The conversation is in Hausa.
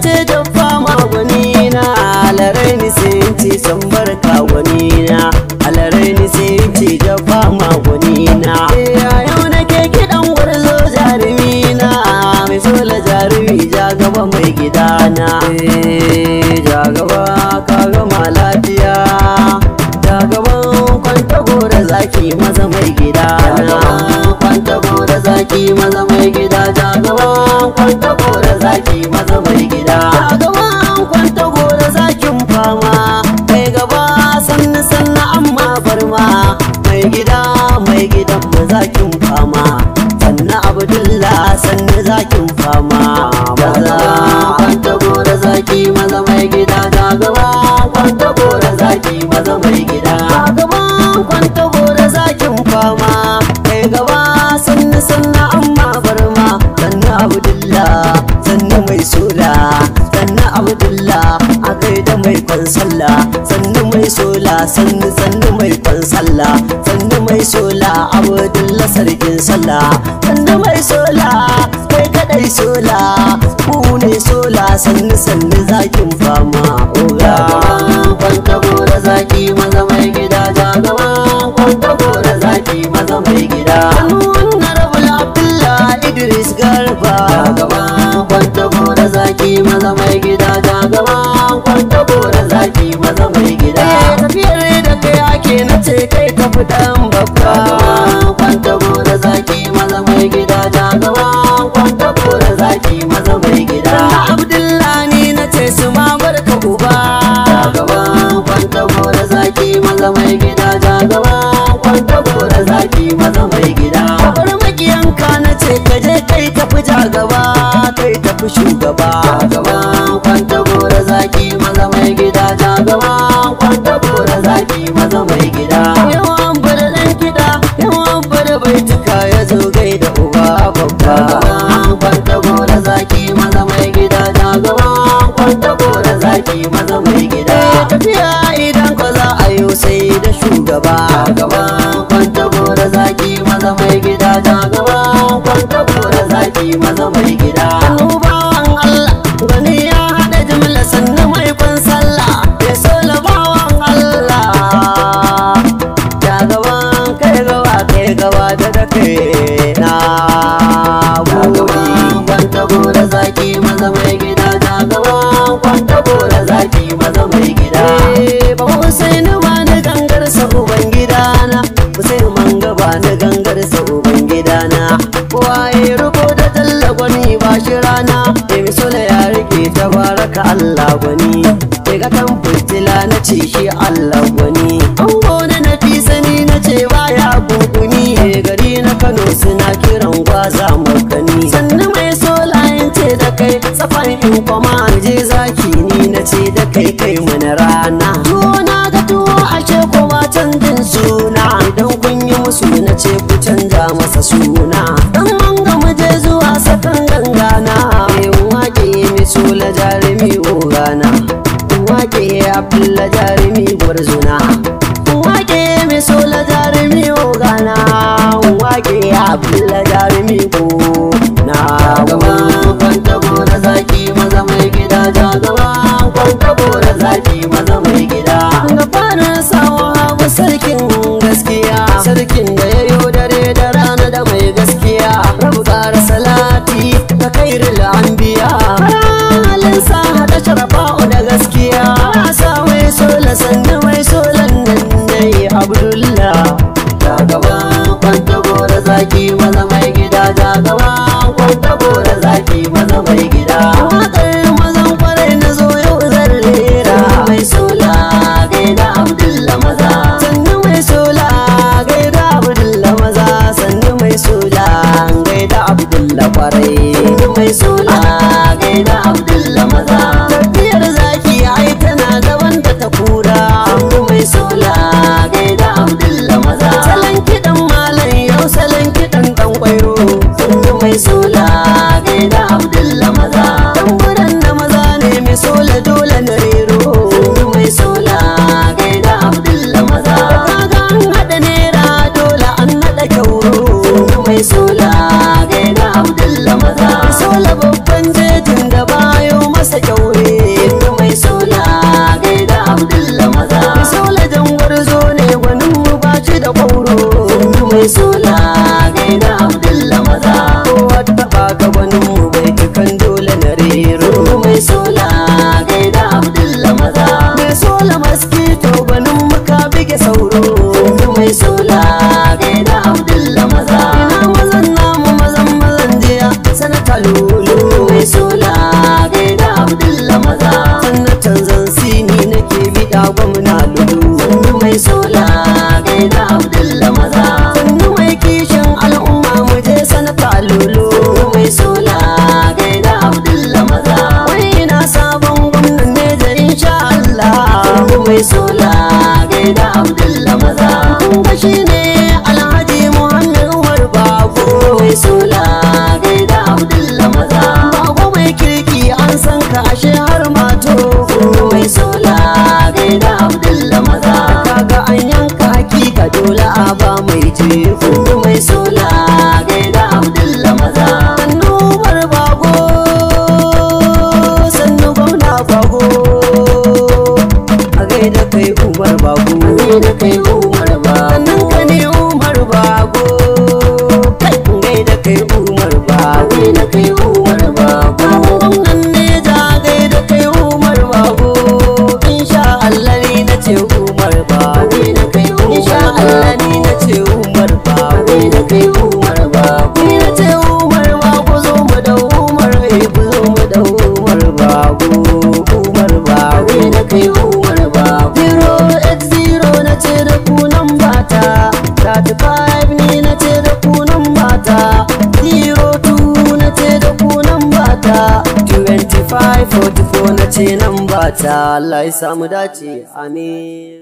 ce jan fama gwani na alarai ni sai ce barka gwani na alarai ni jan fama gwani na eh, yau na ke kiɗan gwarzo jarumi na mai sola jarumi ja gaba mai gidana eh, ja gaba ka gama lafiya ja gaban kwanta gora zaki maza mai na. mai kwansalla sannu mai sola sannu sannu mai kwansalla sannu mai sola abdulla sarkin salla sannu mai sola kai kadai sola ku ne sola sannu sannu zakin fama oga kwanta gora zaki maza mai gida kwan kwanta gora zaki maza mai gida honorable abdullah idris garba kwan kwanta gora zaki maza mai gida fi ɗan bakwa kwanta gora zaki maza mai gida gaba, kwanta gora zaki maza mai gida abdullahi na ce su ma barka uba gaba kwanta gora zaki maza mai gida gaba, kwanta gora zaki maza mai gida kabar makiyanka na ce je kai tafi jagawa kai tafi shugaba gaba kwanta gora zaki maza mai gida na gaba kwanta zaki maza mai gida tafiya idan ko za a yi sai da shugaba gaba kwanta da zaki maza mai gida na gaba kwanta zaki maza mai gida fitila na ce shi Allah wani an na fi sani na ce baya gunguni e gari na Kano suna kiran gwaza makani sannu mai sola in ce da kai safan in kwama je zaki ni na ce da kai kai mana rana na da tuwo ashe kuma canjin suna idan kun yi musu na ce ku canja masa suna dan manga mu je zuwa sakan gangana mai wake mai sola jarumi ogana la jarumi gwarzona wake mai so la jarumi ogana wake abu la jarumi ko na gaba kwanta gora zaki maza mai gida ja gaba kwanta gora zaki maza mai gida gabanin sawa hagu sarkin gaskiya sarkin da ya yi dare da rana da mai gaskiya rabu ƙara salati ta kairi la'ambiya. halin sa da sharafa sannu mai solan nan dai abdullah ta gaba kwanta gora zaki mai suna gaida abdulla maza ga shi ne alhaji muhammad umar bako mai suna gaida abdulla maza bako mai kirki an san ka ashe ta Allah ya samu dace amin